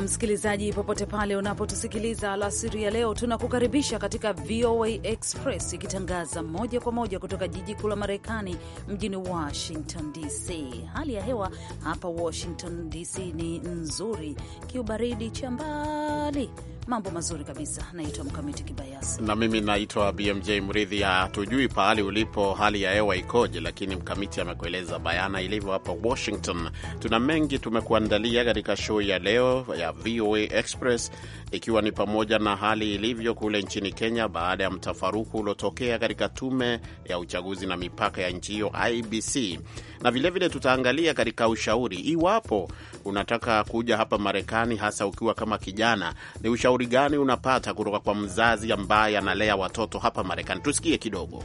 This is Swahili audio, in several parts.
msikilizaji, popote pale unapotusikiliza alasiri ya leo, tunakukaribisha katika VOA Express ikitangaza moja kwa moja kutoka jiji kuu la Marekani, mjini Washington DC. Hali ya hewa hapa Washington DC ni nzuri, kiubaridi cha mbali Mambo mazuri kabisa. Naitwa Mkamiti Kibayasi na mimi naitwa BMJ Mridhi. Ah, hatujui pahali ulipo hali ya hewa ikoje, lakini Mkamiti amekueleza bayana ilivyo hapa Washington. Tuna mengi tumekuandalia katika show ya leo ya VOA Express, ikiwa ni pamoja na hali ilivyo kule nchini Kenya baada ya mtafaruku uliotokea katika tume ya uchaguzi na mipaka ya nchi hiyo IBC na vilevile vile tutaangalia katika ushauri, iwapo unataka kuja hapa Marekani, hasa ukiwa kama kijana, ni ushauri gani unapata kutoka kwa mzazi ambaye analea watoto hapa Marekani? Tusikie kidogo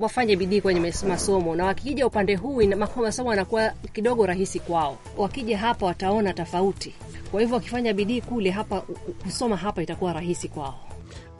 wafanye bidii kwenye masomo na wakija upande huu masomo yanakuwa kidogo rahisi kwao. Wakija hapa wataona tofauti, kwa hivyo wakifanya bidii kule, hapa kusoma hapa itakuwa rahisi kwao.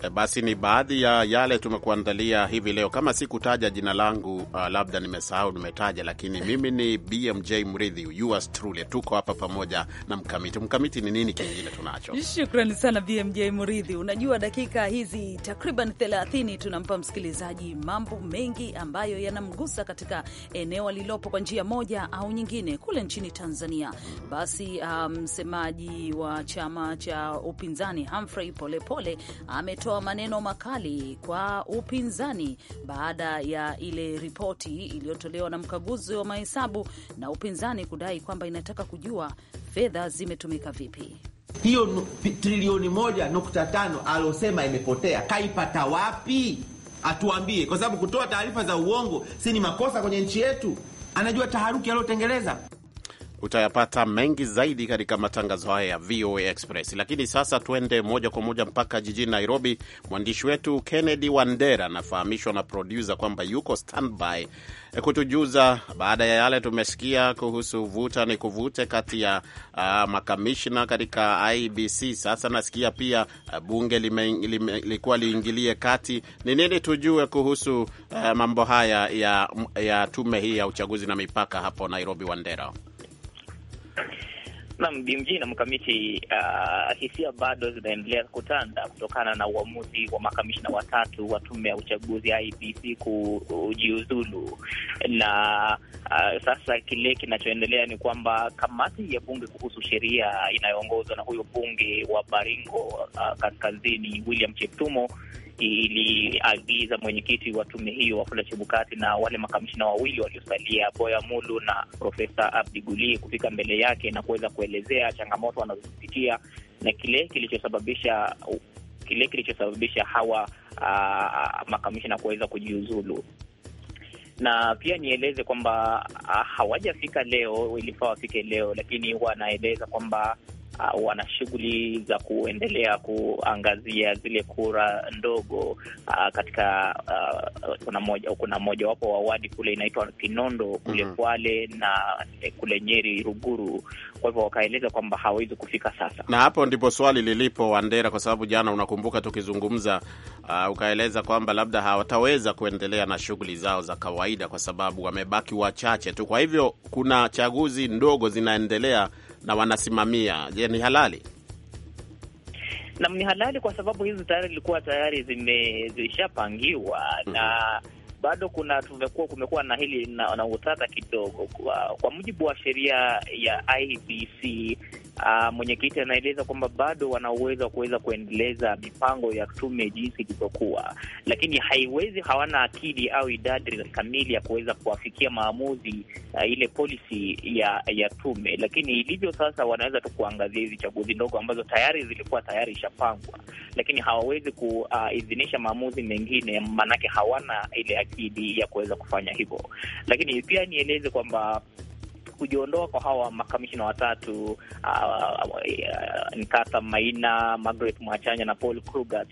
Eh, basi ni baadhi ya yale tumekuandalia hivi leo. Kama sikutaja jina langu, uh, labda nimesahau nimetaja, lakini mimi ni BMJ Mridhi, yours truly. Tuko hapa pamoja na Mkamiti. Mkamiti, ni nini kingine tunacho? Shukrani sana BMJ Mridhi. Unajua, dakika hizi takriban 30 tunampa msikilizaji mambo mengi ambayo yanamgusa katika eneo alilopo kwa njia moja au nyingine, kule nchini Tanzania. Basi uh, msemaji um, wa chama cha upinzani Humphrey Polepole ametoa kutoa maneno makali kwa upinzani baada ya ile ripoti iliyotolewa na mkaguzi wa mahesabu na upinzani kudai kwamba inataka kujua fedha zimetumika vipi. Hiyo trilioni moja nukta tano alosema imepotea, kaipata wapi? Atuambie, kwa sababu kutoa taarifa za uongo si ni makosa kwenye nchi yetu? Anajua taharuki aliyotengeleza utayapata mengi zaidi katika matangazo haya ya VOA Express. Lakini sasa tuende moja kwa moja mpaka jijini Nairobi. Mwandishi wetu Kennedy Wandera anafahamishwa na produsa kwamba yuko standby eh, kutujuza baada ya yale tumesikia kuhusu vuta ni kuvute kati ya uh, makamishna katika IBC. Sasa nasikia pia uh, bunge lilikuwa liingilie kati. Ni nini tujue kuhusu uh, mambo haya ya, ya tume hii ya uchaguzi na mipaka hapo Nairobi, Wandera? nam BMJ na mkamiti, uh, hisia bado zinaendelea kutanda kutokana na uamuzi wa makamishina watatu wa tume ya uchaguzi ibc kujiuzulu, na uh, sasa kile kinachoendelea ni kwamba kamati ya bunge kuhusu sheria inayoongozwa na huyo bunge wa Baringo uh, kaskazini William Cheptumo iliagiza mwenyekiti wa tume hiyo Wafula Chebukati na wale makamishina wawili waliosalia Boya Mulu na Profesa Abdi Guli kufika mbele yake na kuweza kuelezea changamoto wanazozipitia na kile kilichosababisha kile kilichosababisha hawa uh, makamishina kuweza kujiuzulu na pia nieleze kwamba hawajafika leo, ilifaa wafike leo, lakini wanaeleza kwamba uh, wana shughuli za kuendelea kuangazia zile kura ndogo uh, katika uh, kuna moja kuna mojawapo wa wadi kule inaitwa Kinondo kule mhm. Kwale mm -hmm. na eh, kule Nyeri Ruguru. Kwa hivyo wakaeleza kwamba hawawezi kufika sasa, na hapo ndipo swali lilipo, Wandera, kwa sababu jana unakumbuka tukizungumza, uh, ukaeleza kwamba labda hawataweza kuendelea na shughuli zao za kawaida kwa sababu wamebaki wachache tu. Kwa hivyo kuna chaguzi ndogo zinaendelea na wanasimamia. Je, ni halali? Nam, ni halali kwa sababu hizi tayari ilikuwa tayari zimeshapangiwa -hmm. na bado kuna tumekuwa kumekuwa na hili na, na utata kidogo kwa, kwa mujibu wa sheria ya IBC Uh, mwenyekiti anaeleza kwamba bado wana uwezo wa kuweza kuendeleza mipango ya tume jinsi ilivyokuwa, lakini haiwezi, hawana akili au idadi kamili ya kuweza kuwafikia maamuzi uh, ile polisi ya ya tume. Lakini ilivyo sasa, wanaweza tu kuangazia hizi chaguzi ndogo ambazo tayari zilikuwa tayari ishapangwa, lakini hawawezi kuidhinisha ah, uh, maamuzi mengine, maanake hawana ile akili ya kuweza kufanya hivyo. Lakini pia nieleze kwamba kujiondoa kwa hawa makamishina watatu uh, uh, uh, Nkata Maina, Margaret Mwachanya na Paul Krugat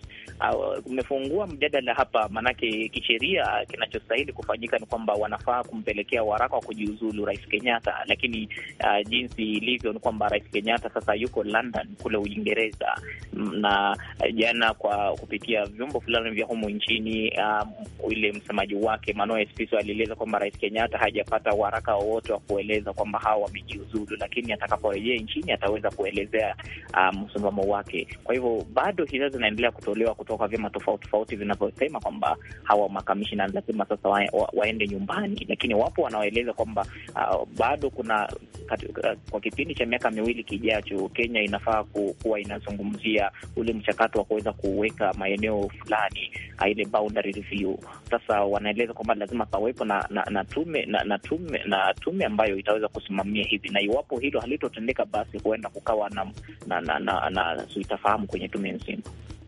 uh, umefungua uh, mjadala hapa, maanake kisheria kinachostahili kufanyika ni kwamba wanafaa kumpelekea waraka wa kujiuzulu Rais Kenyatta, lakini uh, jinsi ilivyo ni kwamba Rais Kenyatta sasa yuko London kule Uingereza, mm, na uh, jana kwa kupitia vyombo fulani vya humu nchini uh, um, ule msemaji wake Manoah Esipisu alieleza kwamba Rais Kenyatta hajapata waraka wowote wa kueleza kwamba hawa wamejiuzulu, lakini atakaporejea nchini ataweza kuelezea uh, msimamo wake. Kwa hivyo bado hizo zinaendelea kutolewa kutoka vyama tofauti tofauti vinavyosema kwamba hawa makamishina lazima sasa wa, wa, waende nyumbani, lakini wapo wanaoeleza kwamba uh, bado kuna kati, uh, kwa kipindi cha miaka miwili kijacho Kenya inafaa ku, kuwa inazungumzia ule mchakato wa kuweza kuweka maeneo fulani uh, ile boundary review. Sasa wanaeleza kwamba lazima pawepo na, na, na tume na, na tume na tume ambayo itaweza wataweza kusimamia hivi, na iwapo hilo halitotendeka, basi huenda kukawa na, na, na, na, na sitafahamu kwenye tume nzima.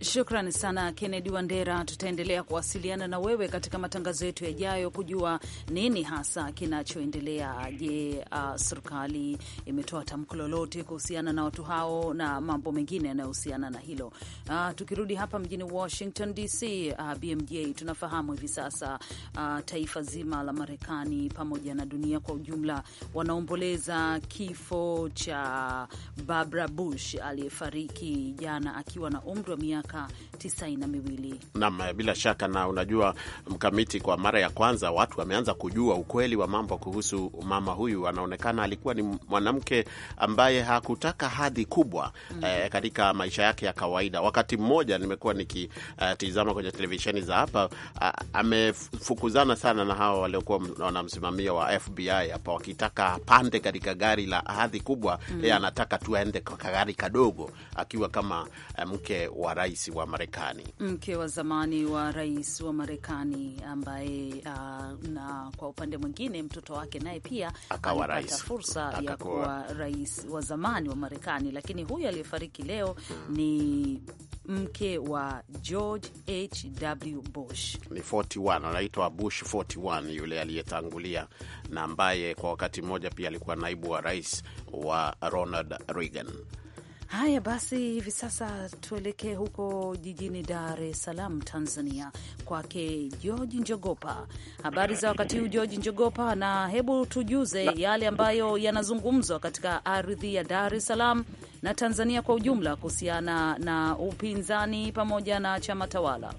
Shukrani sana Kennedy Wandera. Tutaendelea kuwasiliana na wewe katika matangazo yetu yajayo kujua nini hasa kinachoendelea. Je, uh, serikali imetoa tamko lolote kuhusiana na watu hao na mambo mengine yanayohusiana na hilo. Uh, tukirudi hapa mjini Washington DC, uh, ah, BMJ, tunafahamu hivi sasa uh, taifa zima la Marekani pamoja na dunia kwa ujumla wanaomboleza kifo cha Barbara Bush aliyefariki jana akiwa na umri wa miaka miaka tisini na miwili. Naam, eh, bila shaka. Na unajua mkamiti, kwa mara ya kwanza watu wameanza kujua ukweli wa mambo kuhusu mama huyu. Anaonekana alikuwa ni mwanamke ambaye hakutaka hadhi kubwa mm -hmm. eh, katika maisha yake ya kawaida. Wakati mmoja nimekuwa nikitizama uh, kwenye televisheni za hapa uh, amefukuzana sana na hawa waliokuwa wanamsimamia wa FBI hapa wakitaka apande katika gari la hadhi kubwa mm -hmm. anataka tuende kwa gari kadogo, akiwa kama eh, mke wa rais rais wa Marekani, mke wa zamani wa rais wa Marekani ambaye uh, na kwa upande mwingine mtoto wake naye pia akawa rais, fursa Aka ya kuwa rais wa zamani wa Marekani, lakini huyu aliyefariki leo hmm, ni mke wa George HW Bush, ni 41 anaitwa Bush 41, yule aliyetangulia na ambaye kwa wakati mmoja pia alikuwa naibu wa rais wa Ronald Reagan. Haya basi, hivi sasa tuelekee huko jijini Dar es Salaam, Tanzania, kwake George Njogopa. Habari za wakati huu George Njogopa, na hebu tujuze yale ambayo yanazungumzwa katika ardhi ya Dar es Salaam na Tanzania kwa ujumla kuhusiana na upinzani pamoja na chama tawala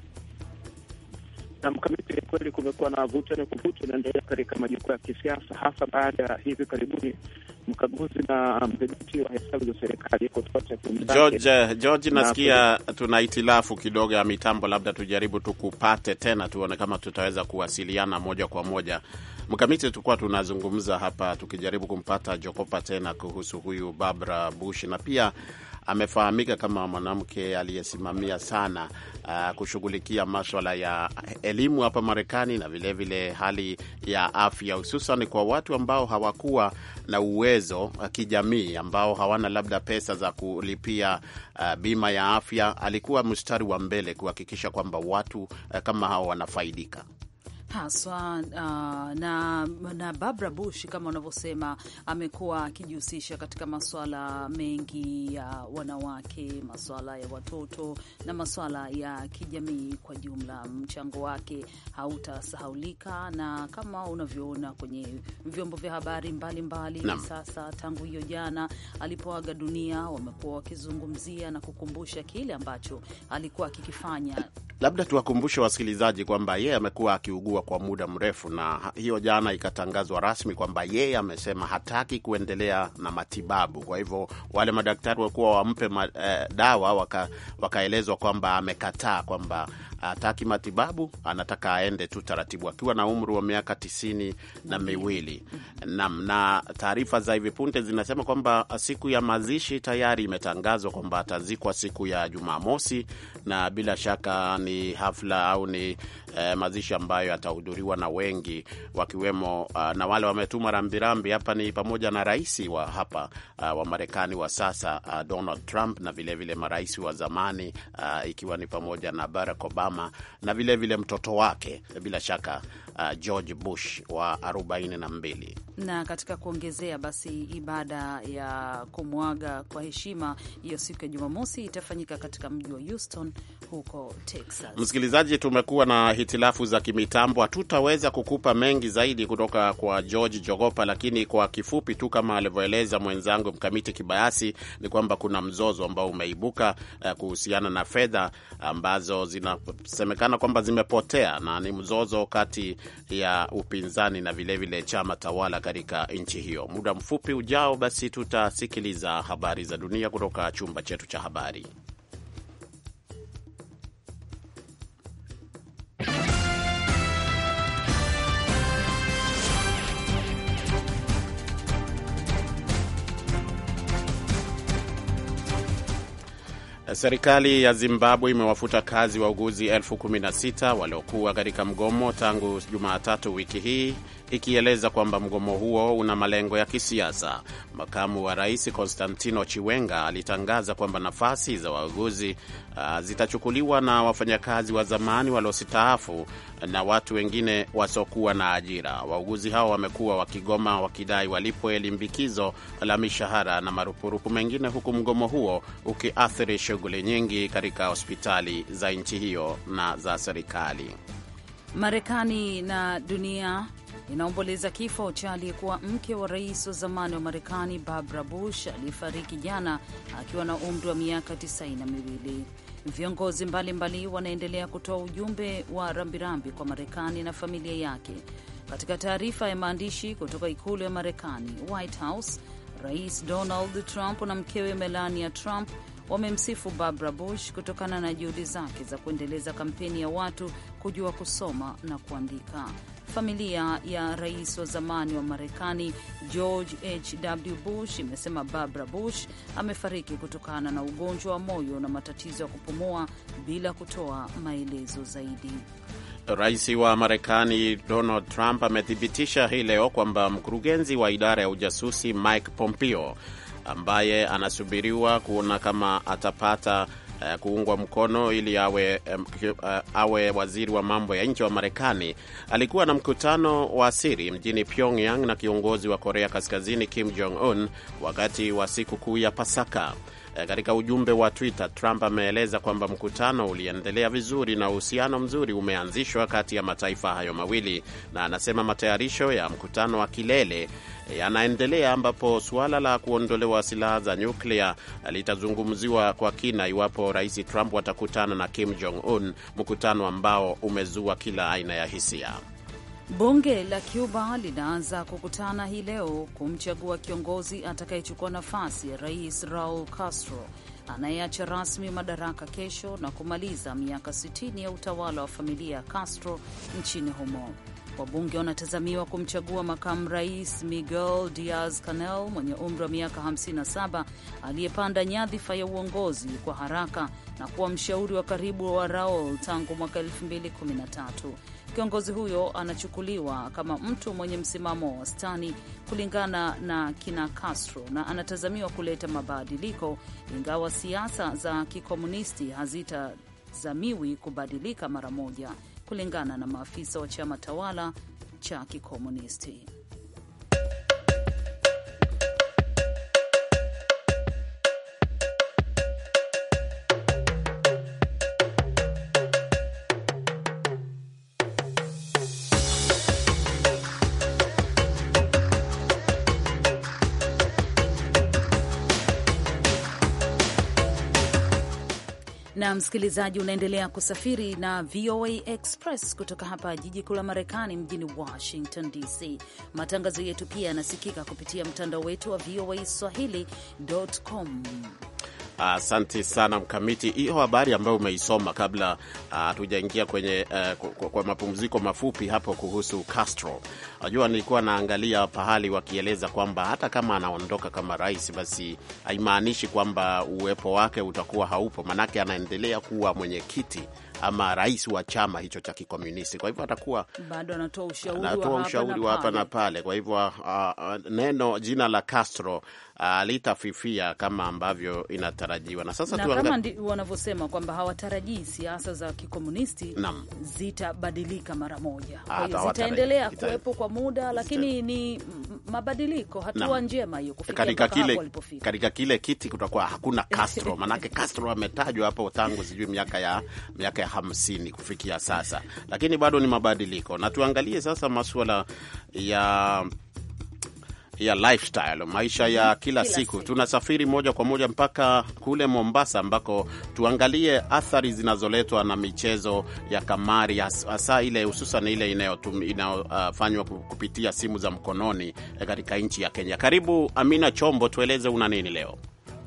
na mkamiti, kweli kumekuwa na vuta ni kuvuta inaendelea katika majukwaa ya kisiasa, hasa baada ya hivi karibuni mkaguzi na mdhibiti wa hesabu za serikali kutoa takwimu George, eh, George, nasikia tuna hitilafu kidogo ya mitambo, labda tujaribu tukupate tena, tuone kama tutaweza kuwasiliana moja kwa moja. Mkamiti, tulikuwa tunazungumza hapa tukijaribu kumpata Jokopa tena kuhusu huyu Barbara Bush na pia amefahamika kama mwanamke aliyesimamia sana uh, kushughulikia maswala ya elimu hapa Marekani na vilevile vile hali ya afya, hususan kwa watu ambao hawakuwa na uwezo wa uh, kijamii, ambao hawana labda pesa za kulipia uh, bima ya afya. Alikuwa mstari wa mbele kuhakikisha kwamba watu uh, kama hao wanafaidika haswa uh, na, na Barbara Bush kama unavyosema, amekuwa akijihusisha katika maswala mengi ya wanawake, maswala ya watoto na maswala ya kijamii kwa jumla. Mchango wake hautasahaulika, na kama unavyoona kwenye vyombo vya habari mbalimbali mbali, sasa, tangu hiyo jana alipoaga dunia, wamekuwa wakizungumzia na kukumbusha kile ambacho alikuwa akikifanya Labda tuwakumbushe wasikilizaji kwamba yeye amekuwa akiugua kwa muda mrefu, na hiyo jana ikatangazwa rasmi kwamba yeye amesema hataki kuendelea na matibabu. Kwa hivyo wale madaktari wakuwa wampe ma, eh, dawa wakaelezwa waka kwamba amekataa kwamba hataki matibabu, anataka aende tu taratibu, akiwa na umri wa miaka tisini na miwili. Naam, na taarifa za hivi punde zinasema kwamba siku ya mazishi tayari imetangazwa kwamba atazikwa siku ya Jumamosi, na bila shaka ni hafla au ni eh, mazishi ambayo yatahudhuriwa na wengi wakiwemo uh, na wale wametuma rambirambi hapa ni pamoja na rais wa hapa uh, wa Marekani wa sasa uh, Donald Trump na vilevile marais wa zamani uh, ikiwa ni pamoja na Barack Obama Obama na vilevile vile mtoto wake bila shaka uh, George Bush wa 42. Na katika kuongezea basi, ibada ya kumwaga kwa heshima hiyo siku ya Jumamosi itafanyika katika mji wa Houston huko Texas. Msikilizaji, tumekuwa na hitilafu za kimitambo, hatutaweza kukupa mengi zaidi kutoka kwa George Jogopa, lakini kwa kifupi tu kama alivyoeleza mwenzangu Mkamiti Kibayasi ni kwamba kuna mzozo ambao umeibuka uh, kuhusiana na fedha ambazo zina zinasemekana kwamba zimepotea na ni mzozo kati ya upinzani na vilevile vile chama tawala katika nchi hiyo. Muda mfupi ujao, basi tutasikiliza habari za dunia kutoka chumba chetu cha habari. Serikali ya Zimbabwe imewafuta kazi wauguzi elfu kumi na sita waliokuwa katika mgomo tangu Jumatatu wiki hii ikieleza kwamba mgomo huo una malengo ya kisiasa. Makamu wa rais Konstantino Chiwenga alitangaza kwamba nafasi za wauguzi uh, zitachukuliwa na wafanyakazi wa zamani waliostaafu na watu wengine wasiokuwa na ajira. Wauguzi hao wamekuwa wakigoma wakidai walipwe limbikizo la mishahara na marupurupu mengine, huku mgomo huo ukiathiri shughuli nyingi katika hospitali za nchi hiyo na za serikali. Marekani na dunia inaomboleza kifo cha aliyekuwa mke wa rais wa zamani wa Marekani Barbara Bush aliyefariki jana akiwa na umri wa miaka tisini na miwili. Viongozi mbalimbali wanaendelea kutoa ujumbe wa rambirambi kwa Marekani na familia yake. Katika taarifa ya maandishi kutoka ikulu ya Marekani, White House, Rais Donald Trump na mkewe Melania Trump wamemsifu Barbara Bush kutokana na juhudi zake za kuendeleza kampeni ya watu kujua kusoma na kuandika. Familia ya rais wa zamani wa Marekani George H.W. Bush imesema Barbara Bush amefariki kutokana na ugonjwa wa moyo na matatizo ya kupumua bila kutoa maelezo zaidi. Rais wa Marekani Donald Trump amethibitisha hii leo kwamba mkurugenzi wa idara ya ujasusi Mike Pompeo ambaye anasubiriwa kuona kama atapata uh, kuungwa mkono ili awe, um, awe waziri wa mambo ya nje wa Marekani, alikuwa na mkutano wa siri mjini Pyongyang na kiongozi wa Korea Kaskazini Kim Jong Un wakati wa siku kuu ya Pasaka. E, katika ujumbe wa Twitter, Trump ameeleza kwamba mkutano uliendelea vizuri na uhusiano mzuri umeanzishwa kati ya mataifa hayo mawili, na anasema matayarisho ya mkutano wa kilele e, yanaendelea ambapo suala la kuondolewa silaha za nyuklia litazungumziwa kwa kina iwapo Rais Trump watakutana na Kim Jong Un, mkutano ambao umezua kila aina ya hisia. Bunge la Cuba linaanza kukutana hii leo kumchagua kiongozi atakayechukua nafasi ya Rais Raul Castro anayeacha rasmi madaraka kesho na kumaliza miaka 60 ya utawala wa familia ya Castro nchini humo. Wabunge wanatazamiwa kumchagua makamu rais Miguel Diaz Canel mwenye umri wa miaka 57 aliyepanda nyadhifa ya uongozi kwa haraka na kuwa mshauri wa karibu wa Raul tangu mwaka 2013. Kiongozi huyo anachukuliwa kama mtu mwenye msimamo wa wastani kulingana na kina Castro na anatazamiwa kuleta mabadiliko, ingawa siasa za kikomunisti hazitazamiwi kubadilika mara moja, kulingana na maafisa wa chama tawala cha kikomunisti. msikilizaji, unaendelea kusafiri na VOA Express kutoka hapa jiji kuu la Marekani, mjini Washington DC. Matangazo yetu pia yanasikika kupitia mtandao wetu wa VOA swahili.com. Asante uh, sana Mkamiti, hiyo habari ambayo umeisoma kabla ah, hatujaingia uh, kwenye uh, kwa mapumziko mafupi hapo kuhusu Castro. Najua nilikuwa naangalia pahali wakieleza kwamba hata kama anaondoka kama rais, basi haimaanishi kwamba uwepo wake utakuwa haupo, manake anaendelea kuwa mwenyekiti ama rais wa chama hicho cha kikomunisti. Kwa hivyo atakuwa bado anatoa ushauri, anatoa ushauri wa hapa na pale. Kwa hivyo uh, uh, neno jina la Castro uh, kama ambavyo inatarajiwa na sasa na kama ndi, wanavyosema kwamba hawatarajii siasa za kikomunisti zitabadilika mara moja, kwa zitaendelea kuwepo kwa muda, lakini ni mabadiliko, hatua njema hiyo kufikia katika kile, katika kile kiti kutakuwa hakuna Castro manake Castro ametajwa hapo tangu sijui miaka ya miaka ya hamsini kufikia sasa, lakini bado ni mabadiliko. Na tuangalie sasa masuala ya ya lifestyle, maisha ya mhm. kila, kila siku. Siku tunasafiri moja kwa moja mpaka kule Mombasa, ambako tuangalie athari zinazoletwa na michezo ya kamari, hasa ile hususan ile inayofanywa uh, kupitia simu za mkononi eh, katika nchi ya Kenya. Karibu Amina Chombo, tueleze una nini leo?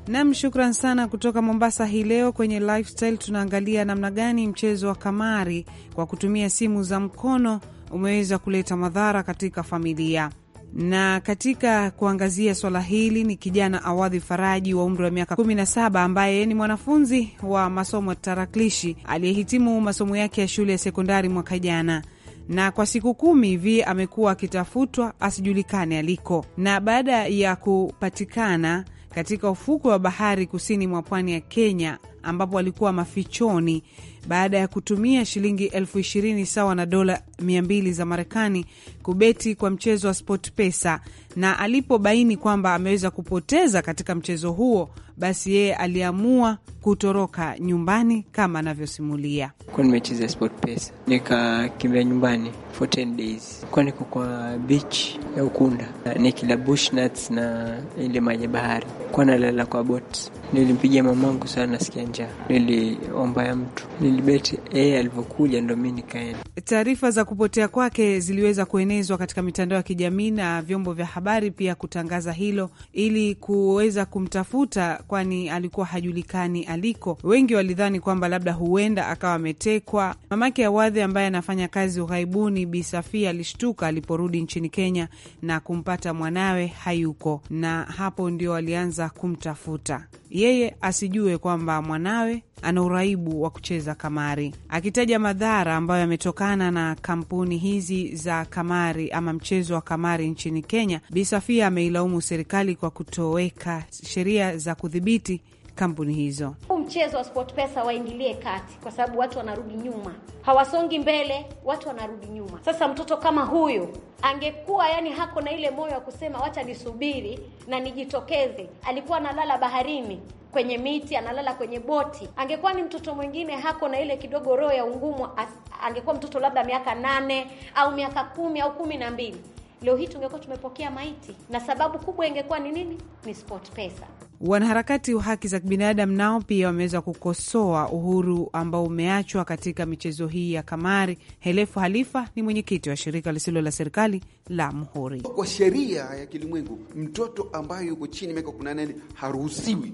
Nam, shukran sana kutoka Mombasa. Hii leo kwenye lifestyle tunaangalia namna gani mchezo wa kamari kwa kutumia simu za mkono umeweza kuleta madhara katika familia. Na katika kuangazia swala hili ni kijana Awadhi Faraji wa umri wa miaka 17 ambaye ni mwanafunzi wa masomo ya tarakilishi aliyehitimu masomo yake ya shule ya sekondari mwaka jana na kwa siku kumi hivi amekuwa akitafutwa asijulikane aliko, na baada ya kupatikana katika ufukwe wa bahari kusini mwa pwani ya Kenya ambapo walikuwa mafichoni baada ya kutumia shilingi elfu ishirini sawa na dola 200 za Marekani kubeti kwa mchezo wa Sport Pesa, na alipobaini kwamba ameweza kupoteza katika mchezo huo, basi yeye aliamua kutoroka nyumbani kama anavyosimulia. Kwa nimecheza SportPesa nikakimbia nyumbani for 10 days, kwa niko kwa beach ya Ukunda nikila bushnuts na ile maji bahari, kwa nalala kwa bot. Nilimpigia mamangu sana, nasikia njaa, niliomba ya mtu, nilibeti yeye alivyokuja, ndo mi nikaenda. Taarifa za kupotea kwake ziliweza kuenezwa katika mitandao ya kijamii na vyombo vya habari pia kutangaza hilo ili kuweza kumtafuta, kwani alikuwa hajulikani aliko. Wengi walidhani kwamba labda huenda akawa ametekwa. Mamake Awadhi ambaye anafanya kazi ughaibuni, Bi Safia, alishtuka aliporudi nchini Kenya na kumpata mwanawe hayuko, na hapo ndio walianza kumtafuta yeye asijue kwamba mwanawe ana uraibu wa kucheza kamari, akitaja madhara ambayo yametokana na kampuni hizi za kamari ama mchezo wa kamari nchini Kenya. bisafia ameilaumu serikali kwa kutoweka sheria za kudhibiti kampuni hizo mchezo wa pesa waingilie kati, kwa sababu watu wanarudi nyuma, hawasongi mbele, watu wanarudi nyuma. Sasa mtoto kama huyu angekuwa yani hako na ile moyo wa kusema wacha nisubiri na nijitokeze, alikuwa analala baharini kwenye miti, analala kwenye boti. Angekuwa ni mtoto mwingine hako na ile kidogo roho ya ungumwa, angekuwa mtoto labda miaka nane au miaka kumi au kumi na mbili, leo hii tungekuwa tumepokea maiti, na sababu kubwa ingekuwa ni nini? Ni pesa. Wanaharakati wa haki za kibinadamu nao pia wameweza kukosoa uhuru ambao umeachwa katika michezo hii ya kamari. Helefu Halifa ni mwenyekiti wa shirika lisilo la serikali la Mhuri. Kwa sheria ya kilimwengu, mtoto ambaye yuko chini miaka kumi na nane haruhusiwi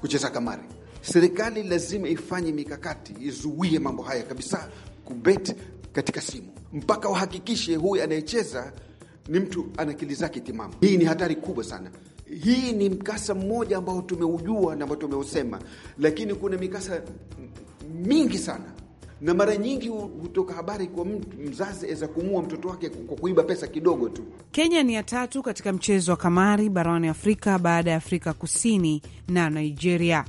kucheza kamari. Serikali lazima ifanye mikakati, izuie mambo haya kabisa, kubet katika simu, mpaka wahakikishe huyu anayecheza ni mtu ana akili zake timamu. Hii ni hatari kubwa sana. Hii ni mkasa mmoja ambao tumeujua na ambao tumeusema, lakini kuna mikasa mingi sana na mara nyingi hutoka habari kwa mtu mzazi aweza kumua mtoto wake kwa kuiba pesa kidogo tu. Kenya ni ya tatu katika mchezo wa kamari barani Afrika baada ya Afrika Kusini na Nigeria.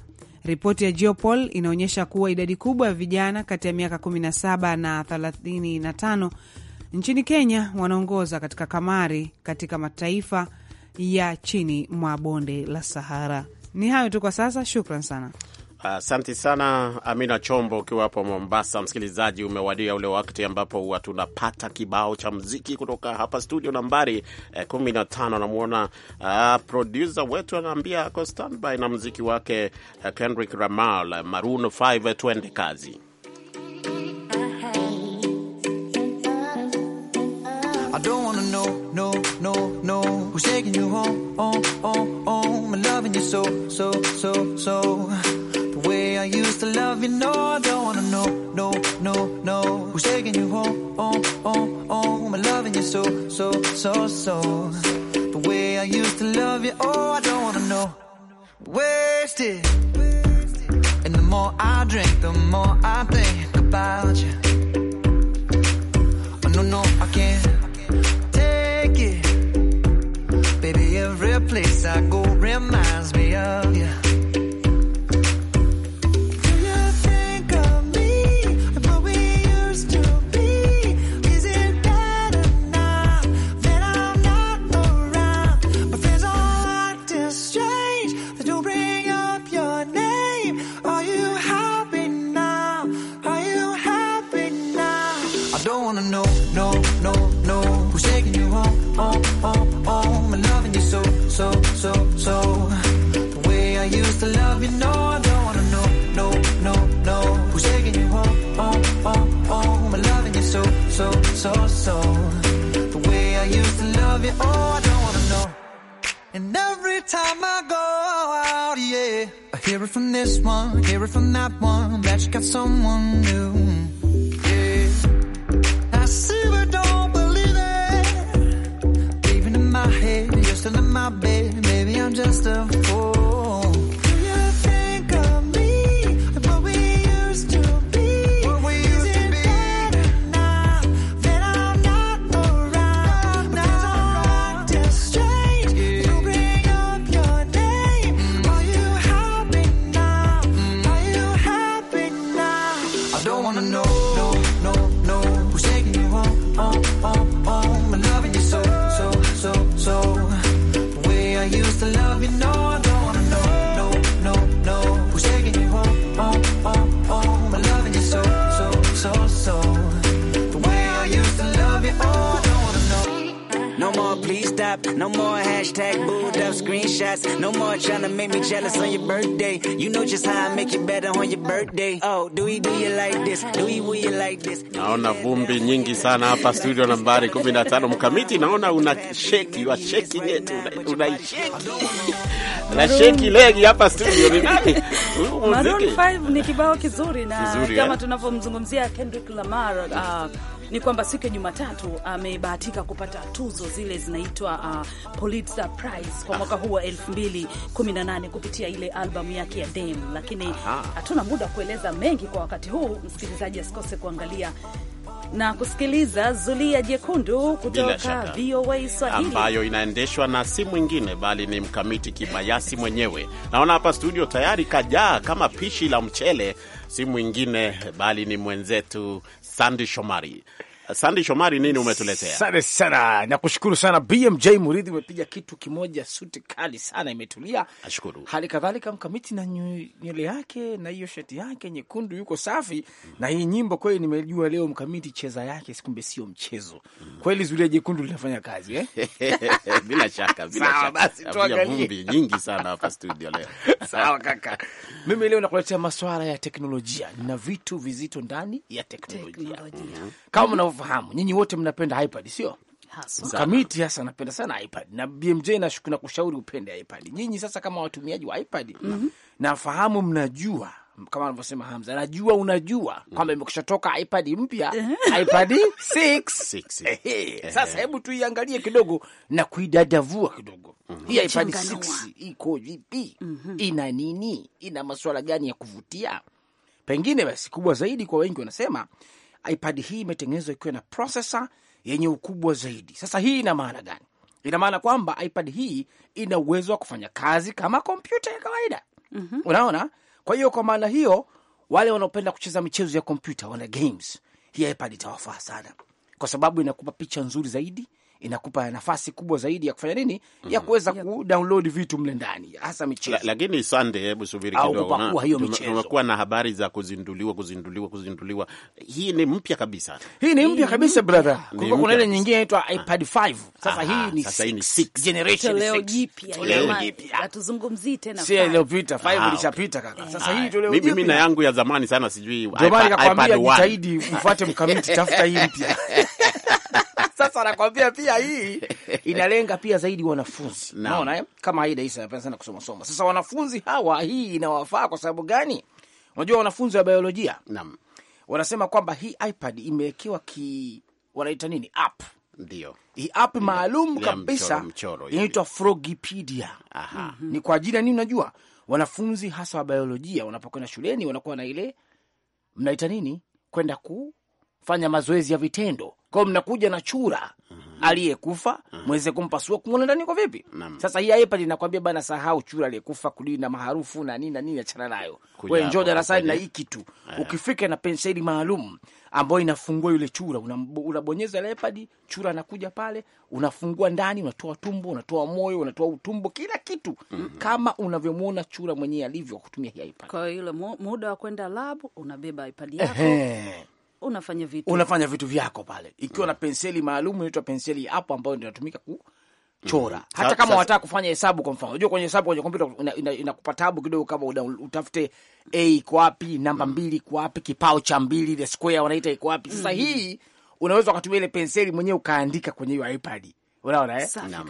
Ripoti ya Geopol inaonyesha kuwa idadi kubwa ya vijana kati ya miaka 17 na 35 nchini Kenya wanaongoza katika kamari katika mataifa ya chini mwa bonde la Sahara. Ni hayo tu kwa sasa, shukran sana. Asante uh, sana Amina Chombo, ukiwa hapo Mombasa. Msikilizaji, umewadia ule wakati ambapo huwa tunapata kibao cha mziki kutoka hapa studio nambari eh, kumi na tano. Namwona uh, ah, produsa wetu anaambia ako standby na mziki wake uh, Kendrick Lamar, Maroon 5. Twende kazi. I don't wanna know, no, no. was taking you home, home, home, home, and loving you so, so, so, so. The way I used to love you, no, I don't wanna know, no, no, no. Who's taking you home, home, home, home, and loving you so, so, so, so. The way I used to love you, oh, I don't wanna know. Wasted. And the more I drink, the more I think about you. Oh no, no, I can't Every place I go reminds me of you. So so. The way I used to love you, oh, I don't wanna know. And every time I go out, yeah, I hear it from this one, hear it from that one, that you got someone new. Yeah, I see but don't believe it. Even in my head, you're still in my bed, maybe I'm just a vumbi nyingi sana hapa studio nambari 15. Mkamiti, naona una sheki wa sheki yetu una sheki na sheki legi hapa studio ni nani? Maroon 5 ni kibao kizuri na kizuri, kama eh? tunavyomzungumzia Kendrick Lamar uh, ni kwamba siku ya Jumatatu amebahatika kupata tuzo zile zinaitwa uh, Pulitzer Prize kwa mwaka huu wa 2018 kupitia ile albamu yake ya Dem, lakini hatuna muda kueleza mengi kwa wakati huu. Msikilizaji asikose kuangalia na kusikiliza Zulia Jekundu kutoka VOA Swahili, ambayo inaendeshwa na si mwingine bali ni Mkamiti Kibayasi mwenyewe. Naona hapa studio tayari kajaa kama pishi la mchele, si mwingine bali ni mwenzetu Sandi Shomari. Sandi Shomari, nini umetuletea? Asante sana, nakushukuru sana BMJ Muridhi, umepiga kitu kimoja, suti kali sana, imetulia. Nashukuru hali kadhalika mkamiti na nywele yake na hiyo shati yake nyekundu, yuko safi mm. -hmm. na hii nyimbo kweli nimejua leo mkamiti cheza yake, sikumbe sio mchezo mm. -hmm. kweli zulia jekundu linafanya kazi eh? bila shaka, bila shaka. Basi tuangalie nyingi sana hapa studio leo sawa kaka, mimi leo nakuletea masuala ya teknolojia na vitu vizito ndani ya teknolojia, teknolojia. Mm -hmm. kama nafahamu nyinyi wote mnapenda iPad, sio kamiti? Hasa napenda sana iPad na BMJ nashukuna kushauri upende iPad. Nyinyi sasa kama watumiaji wa iPad mm -hmm. nafahamu mnajua kama anavyosema Hamza, najua unajua mhm. kwamba imekusha toka iPad mpya iPad 6. Sasa hebu tuiangalie kidogo na kuidadavua kidogo mhm. hii iPad 6 iko vipi? Mhm. Ina nini? Ina maswala gani ya kuvutia? Pengine basi kubwa zaidi kwa wengi wanasema iPad hii imetengenezwa ikiwa na prosesa yenye ukubwa zaidi. Sasa hii ina maana gani? Ina maana kwamba iPad hii ina uwezo wa kufanya kazi kama kompyuta ya kawaida. mm -hmm. Unaona, kwa hiyo kwa maana hiyo wale wanaopenda kucheza michezo ya kompyuta wana games, hii iPad itawafaa sana, kwa sababu inakupa picha nzuri zaidi, inakupa nafasi kubwa zaidi ya kufanya nini, ya mm-hmm. kuweza kudownload vitu mle ndani, hasa michezo. Lakini sande, hebu subiri kidogo, tumekuwa na habari za kuzinduliwa, kuzinduliwa, kuzinduliwa. Hii ni mpya kabisa, hii ni mpya kabisa brother. Kulikuwa kuna ile nyingine inaitwa ah. iPad 5, sasa hii ni 6 generation, leo jipya, hatuzungumzii tena, si leo pita 5 ilishapita kaka, sasa hii leo jipya. Mimi na yangu ya zamani sana, sijui iPad 1 jitahidi ufuate mkamiti, tafuta hii mpya Sasa anakwambia pia hii inalenga pia zaidi wanafunzi, naona no, eh? kama Aida Isa anapenda sana kusoma soma. Sasa wanafunzi hawa, hii inawafaa kwa sababu gani? Unajua wanafunzi wa biolojia, naam, wanasema kwamba hii iPad imewekewa ki wanaita nini app ndio hii app maalum kabisa inaitwa Frogipedia. Aha. Mm -hmm. Ni kwa ajili ya nini? Unajua wanafunzi hasa wa biolojia wanapokwenda shuleni wanakuwa na ile mnaita nini, kwenda ku fanya mazoezi ya vitendo kwao, mnakuja na chura mhm. aliyekufa mhm. mweze kumpasua kumwona ndani uko vipi. Sasa hii iPad inakwambia bana, sahau chura aliyekufa kulii na maharufu na nini na nini, achana nayo wewe, njoo darasani na hii tu. Eh. Ukifika na penseli maalum ambayo inafungua yule chura, unabonyeza ile iPad, chura anakuja pale, unafungua ndani, unatoa tumbo, unatoa moyo, unatoa utumbo, kila kitu mm -hmm. kama unavyomwona chura mwenyewe alivyo, kutumia hii iPad. Kwa hiyo yule muda wa kwenda lab unabeba iPad yako unafanya vitu, unafanya vitu vyako pale ikiwa mm. na penseli maalum inaitwa penseli hapo ambayo ndio inatumika ku chora mm. hata kama unataka kufanya hesabu kwa mfano, unajua kwenye hesabu kwenye kompyuta inakupa tabu kidogo, kama utafute a iko wapi, namba mm. mbili iko wapi, kipao cha mbili, the square wanaita iko wapi. Sasa mm-hmm. hii unaweza ukatumia ile penseli mwenyewe ukaandika kwenye hiyo iPad Unaona eh?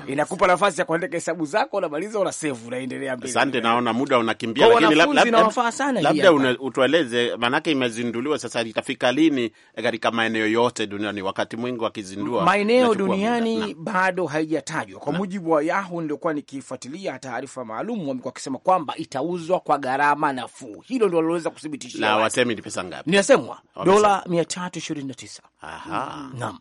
Inakupa nafasi ya kuandika hesabu zako, unamaliza, una save, unaendelea mbele. Asante, naona muda unakimbia, lakini labda utueleze, maanake imezinduliwa sasa, itafika lini eh, katika maeneo yote duniani? Wakati mwingi wakizindua maeneo duniani bado haijatajwa. Kwa mujibu wa Yahoo, nilikuwa nikifuatilia taarifa maalum, wamekuwa wakisema kwamba itauzwa kwa gharama nafuu. Hilo ndio waliloweza kuthibitisha, na wasemi ni pesa ngapi? Ninasemwa dola 329. Aha, naam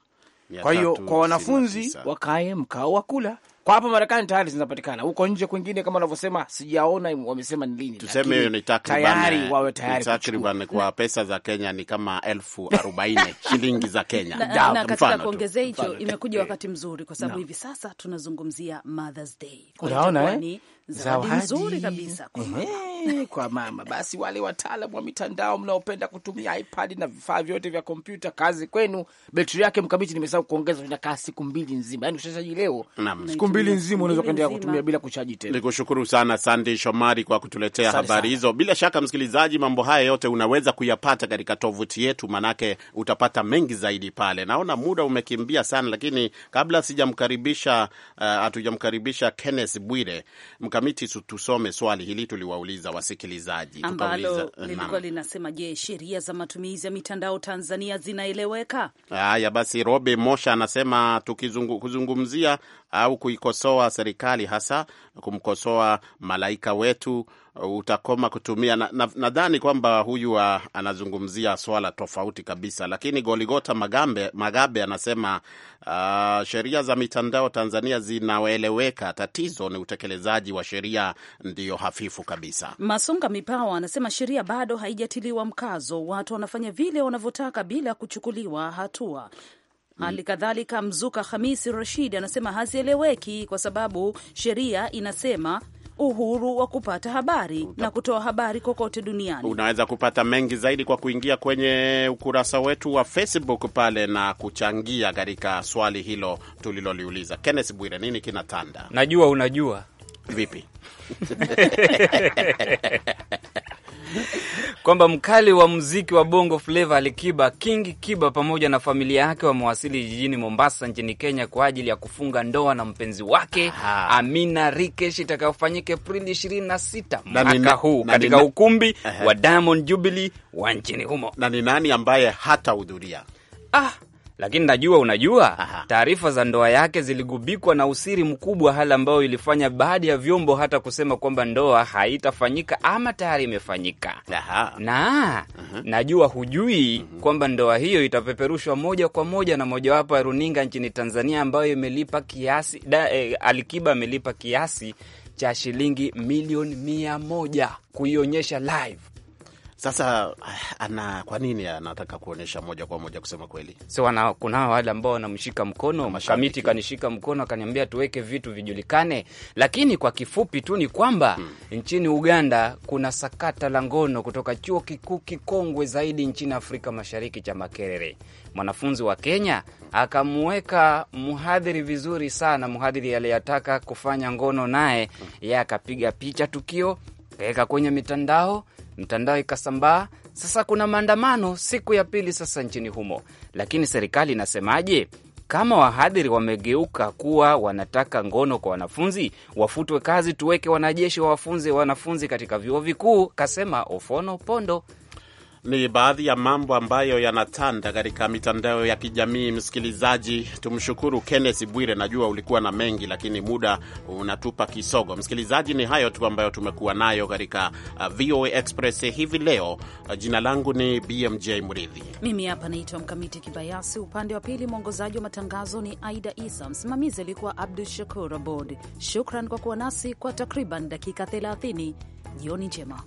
kwa hiyo kwa wanafunzi wakae mkao wa kula kwa hapa Marekani tayari zinapatikana, huko nje kwingine kama wanavyosema, sijaona wamesema ni lini. Tuseme ni tayari eh, wawe tayari, takriban kwa pesa za Kenya ni kama elfu arobaini shilingi za Kenya. Na, na katika kuongezea hicho imekuja eh. wakati mzuri, kwa sababu hivi sasa tunazungumzia Mother's Day, unaona eh? zawadi nzuri kabisa kwa mama. Ehe, kwa mama. Basi wale wataalamu wa mitandao mnaopenda kutumia iPad na vifaa vyote vya kompyuta, kazi kwenu. Betri yake mkamiti, nimesahau kuongeza, inakaa siku mbili nzima, yani ushachaji leo siku mbili nzima unaweza kuendelea kutumia bila kuchaji tena. Nikushukuru sana Sandy Shomari kwa kutuletea habari hizo. Bila shaka, msikilizaji, mambo haya yote unaweza kuyapata katika tovuti yetu, manake utapata mengi zaidi pale. Naona muda umekimbia sana, lakini kabla sijamkaribisha eh, hatujamkaribisha uh, Kenneth Bwire mka mkamiti, tusome swali hili tuliwauliza wasikilizaji ambalo eh, lilikuwa linasema, je, sheria za matumizi ya mitandao Tanzania zinaeleweka? Haya basi, Robe Mosha anasema tukizungumzia au kuikosoa serikali, hasa kumkosoa malaika wetu utakoma kutumia nadhani na, na kwamba huyu wa, uh, anazungumzia swala tofauti kabisa, lakini Goligota Magambe, Magabe anasema uh, sheria za mitandao Tanzania zinaeleweka, tatizo ni utekelezaji wa sheria ndiyo hafifu kabisa. Masunga Mipawa anasema sheria bado haijatiliwa mkazo, watu wanafanya vile wanavyotaka bila kuchukuliwa hatua. Mm. Hali kadhalika Mzuka Hamisi Rashid anasema hazieleweki kwa sababu sheria inasema uhuru wa kupata habari Uta. na kutoa habari kokote duniani. Unaweza kupata mengi zaidi kwa kuingia kwenye ukurasa wetu wa Facebook pale na kuchangia katika swali hilo tuliloliuliza. Kenneth Bwire, nini kinatanda? Najua unajua vipi? kwamba mkali wa muziki wa bongo fleva Alikiba King Kiba pamoja na familia yake wamewasili jijini Mombasa nchini Kenya kwa ajili ya kufunga ndoa na mpenzi wake Aha. Amina Rikesh itakayofanyika Aprili 26 mwaka huu katika nani, ukumbi uh -huh. wa Diamond Jubilee wa nchini humo. Na ni nani ambaye hatahudhuria? ah lakini najua unajua, taarifa za ndoa yake ziligubikwa na usiri mkubwa, hali ambayo ilifanya baadhi ya vyombo hata kusema kwamba ndoa haitafanyika ama tayari imefanyika. na Aha. najua hujui mhm. kwamba ndoa hiyo itapeperushwa moja kwa moja na mojawapo ya runinga nchini Tanzania ambayo imelipa kiasi da, eh, Alikiba amelipa kiasi cha shilingi milioni mia moja kuionyesha live. Sasa ah, ana kwa nini anataka kuonyesha moja kwa moja, kusema kweli, so kuna wale ambao wanamshika mkono kamiti, kanishika mkono akaniambia tuweke vitu vijulikane, lakini kwa kifupi tu ni kwamba hmm, nchini Uganda kuna sakata la ngono kutoka chuo kikuu kikongwe zaidi nchini Afrika Mashariki cha Makerere. Mwanafunzi wa Kenya akamweka mhadhiri vizuri sana, mhadhiri aliyataka kufanya ngono naye, hmm. ye akapiga picha tukio ikaweka kwenye mitandao, mtandao ikasambaa. Sasa kuna maandamano siku ya pili sasa nchini humo, lakini serikali inasemaje? Kama wahadhiri wamegeuka kuwa wanataka ngono kwa wanafunzi, wafutwe kazi, tuweke wanajeshi wa wafunzi wanafunzi katika vyuo vikuu, kasema Ofono Pondo ni baadhi ya mambo ambayo yanatanda katika mitandao ya kijamii msikilizaji. Tumshukuru Kenneth Bwire, najua ulikuwa na mengi, lakini muda unatupa kisogo. Msikilizaji, ni hayo tu ambayo tumekuwa nayo katika uh, VOA Express hivi leo. Uh, jina langu ni BMJ Mridhi, mimi hapa naitwa Mkamiti Kibayasi. Upande wa pili mwongozaji wa matangazo ni Aida Isa, msimamizi alikuwa Abdu Shakur Abod. Shukran kwa kuwa nasi kwa takriban dakika 30. Jioni njema.